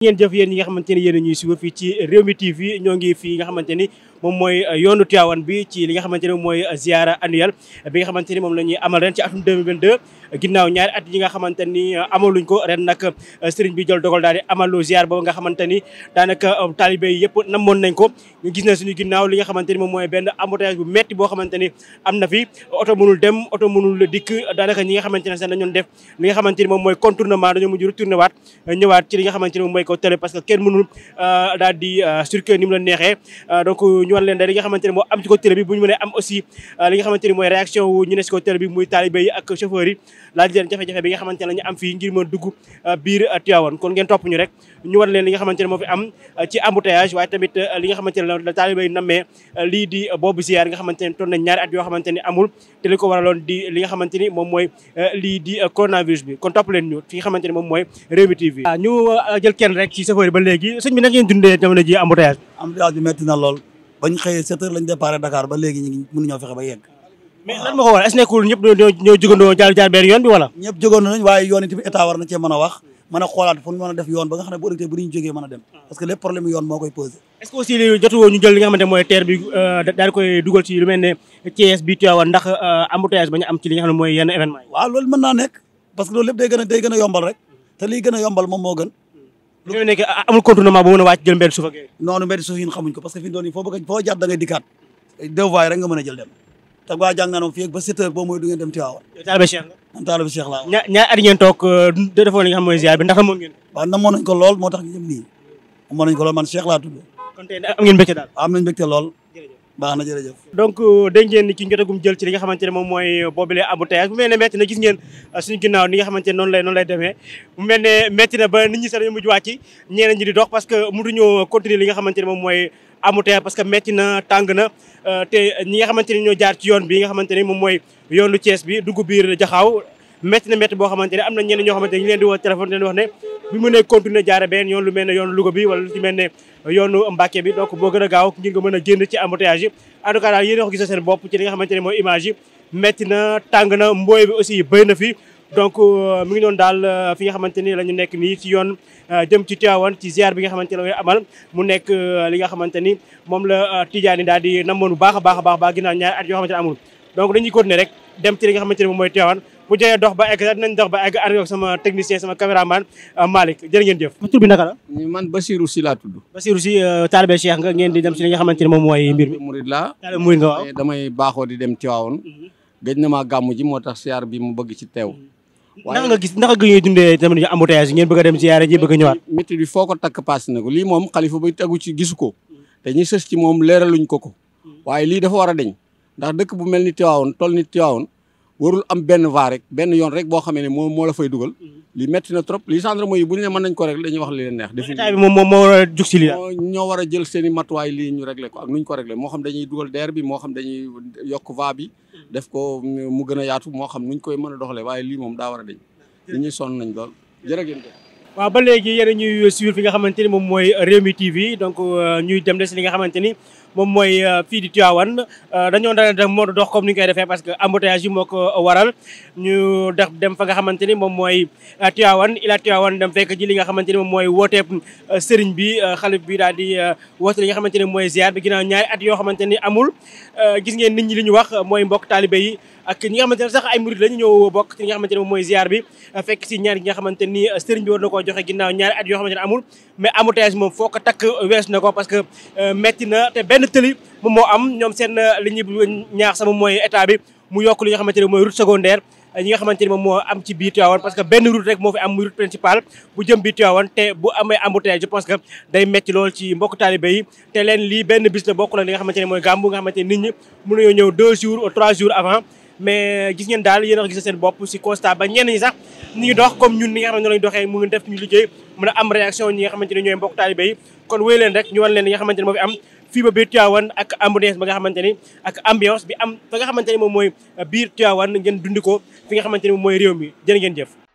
ngeen jëf yéen ñi nga xamante ni yéen ñuy suivre fii ci Rewmi TV ñoo ngi fii nga xamante ni moom mooy euh, yoonu Tivaouane bi ci li nga xamante ne mooy euh, ziara annuelle bi nga xamante moom la ñuy amal ren ci atum 2022 ginnaaw ñaari at yi nga euh, bi jël dogal daal di amalu ziar boobu nga xamante ni daanaka taalibe yi yëpp namoon nañ ko ñu ginnaaw li nga xamante ni moom mooy benn embouteillage bu metti boo xamante ni am na fi oto mënul dem oto mënul dikk daanaka ñi nga xamante ne sax dañoon def li nga xamante ni moom mooy contournement dañoo mujj retourné waat ñëwaat ci li nga xamante ni moom mooy ko télé parce que kenn mënul daal di circuler ni mu la neexee donc ñu wan leen nga xamante ne moo am ci ko télé bi bu ñu euh, xamante mooy ne ci ko télé bi muy taalibé yi ak nga xamante ne la ñu am fii ngir mën dugg euh, biir euh, Tivaouane kon ngeen topp ñu rek ñu leen li nga xamante ne moo fi am ci embouteillage tamit li nga xamante ne la taalibé yi lii di boobu ziar nga xamante ne toon nañ ñaari at yoo xamante ni amul te li ko li nga xamante ni moom mooy lii di coronavirus kon topp leen ñu fi nga xamante ni moom mooy Rewmi TV ñu jël kenn rek ci chauffeur ba léegi sëñ bi naka ngeen dundee jamono ji embouteillage embouteillage bi na lool bañ xëyee sept heures lañ départ Dakar ba léegi ñu ngi mënuñoo fexe ba yegg mais lan ko waral est-ce nekkul ñëpp ñoo jaar jaar yoon bi wala ñëpp jógandoo nañ waaye yoon yi état war na cee mën a wax mën a xoolaat fu ñu mën a def yoon ba nga xam ne bu ëllëgee bu ñu a dem parce que lépp problème yoon moo koy posé est-ce que aussi jotu ñu jël xamante mooy terre bi euh, daal koy dugal ci lu mel ne bi Tivaouane ndax euh, embouteillage ba ñu ci li nga a lu ñooy nekk amul ba mën a wàcc jël mbedd suuf ak yooyu noonu mbedd suuf yi xamuñ ko parce que fi ñu doon yi foo bëgg foo rek nga mën a jël dem te waa jàngaanam fii ak ba sept heures boo mooy dem Tiwaawan man taalibe Cheikh laa ñaa ñaar at ngeen toog euh, da defoon li mooy ziar bi ndax ngeen waaw na moo nañ lool moo tax ñu nii moo nañ lool man Cheikh laa am ngeen mbégte daal lool baax na jërëjëf donc euh, dégg ngeen ni ki jël ci li nga xamante ne moom mooy euh, boobile embouteillage mu mel ne metti na gis ngeen euh, suñu ginnaaw ni nga xamante ne noonu na ba nit ñi sax dañu mujj wàcc ñeneen ñi di dox parce que mënuñoo continuer li nga xamante ne moom mooy embouteillage parce que metti na tàng na te ñi nga ñoo jaar ci yoon bi nga xamante ne moom mooy yoonu Thiès bi dugg biir metti na metti boo xamante am na ñenn ñoo xamante ñu leen di woo téléphone leen wax ne bi mu ne continuer jaare beneen yoon lu mel ne yoon Louga bi wala lu ci yoonu Mbàkke bi donc boo gën a gaaw ngir nga mën a génn ci embouteillage yi daal yéen a ko gisee seen bopp ci li nga xamante na tàng na mbooy na fi donc euh, mi ngi noonu daal euh, fi nga xamante ni la ñu nekk nii ci yoon euh, jëm ci Tivaouane ci ziar bi nga xamante ne amal mu nekk li nga xamante ni moom la Tidiane daal di namoon bu baax a baax a baax ginnaaw naa at yoo xamante ne amul donc dañuy continuer rek dem ci li nga xamante ne moom mooy Tivaouane bu jëlee dox ba egg dinañ dox ba egg ànd ak sama technicien sama caméraman euh, Malick jërë ngeen jëf. tur bi naka la. man Basirou Sy laa tudd. Basirou Sy euh, taalibe Cheikh nga ngeen di dem si li nga xamante ne moom mooy mbir mi. Murid laa taalibe Murid dem Tivaouane. Mhm. gëj na maa gàmm ji moo tax siyaar bi mu bëgg ci teew. Mhm. waaye naka nga gis naka nga ñuy dundee tamit embouteillage ngeen bëgg a dem siyaare ji bëgg a ñëwaat. métti bi foo ko takk paas na ko lii moom xalifa bay tegu ci gisu ko. te ñi sës ci moom leeraluñ ko ko. Mhm. waaye lii dafa war a deñ ndax dëkk bu mel ni Tivaouane toll ni Tivaouane warul am benn vaa rek benn yoon rek boo xamee ne moom moo la fay dugal mm-hmm. li metti na trop li gendarme yi bu ne mën nañ ko rek dañuy wax li leen neex def état bi moom moom a jug si li ñoo war a jël seen lii ko moo xam dañuy dugal deer bi moo xam dañuy mm-hmm. ko mu gën a yaatu moo xam nuñ koy mën a doxalee waaye lii moom daa war a dañ li ñuy sonn nañ lool jërëgéen ko waaw ba léegi yéen a ñuy suivre fi nga xamante ni moom mooy Rewmi TV donc euh, ñuy dem des li nga xamante ni moom mooy euh, fii di Tivaouane euh, dañoo daan def mode dox comme ni koy defee parce que embouteillage yi moo ko waral ñu dem fa nga xamante ni moom mooy euh, Tivaouane ila Tivaouane dem fekk ji li nga xamante ni moom mooy wooteeb sëriñ bi xalif bi daal di woote li nga xamante ni mooy ziar bi ginnaaw at yoo xamante ni amul gis ngeen nit ñi li ñu wax mooy mbokk taalibe yi ak ñi nga xamante ne sax bokk ci li nga xamante ne moom mooy ziar bi fekk si ñaar yi nga xamante ni sëriñ bi war na koo joxe ginnaaw ñaari at yoo xamante ne amul mais embouteillage moom foo ko takk wees na ko parce que metti na te benn tëli moom moo am ñoom seen euh, li ñuy ñaax sama mooy état bi mu yokk li nga mooy route secondaire ñi euh, nga xamante mooy gàmmu nga xamante nit ñi mën nañoo ñëw deux jours ou trois jours avant mais euh, gis ngeen daal yéen a gis seen bopp si constat ba ñi sax ñu ngi dox comme ñun ñi nga xam moo fi am fii ba biir Tivaouane ak ambiance ba nga xamante ni ak ambiance bi am ba nga xamante ni moom mooy euh, biir Tivaouane ngeen dundi ko fi nga xamante ni moom mooy réew mi jërë ngeen jëf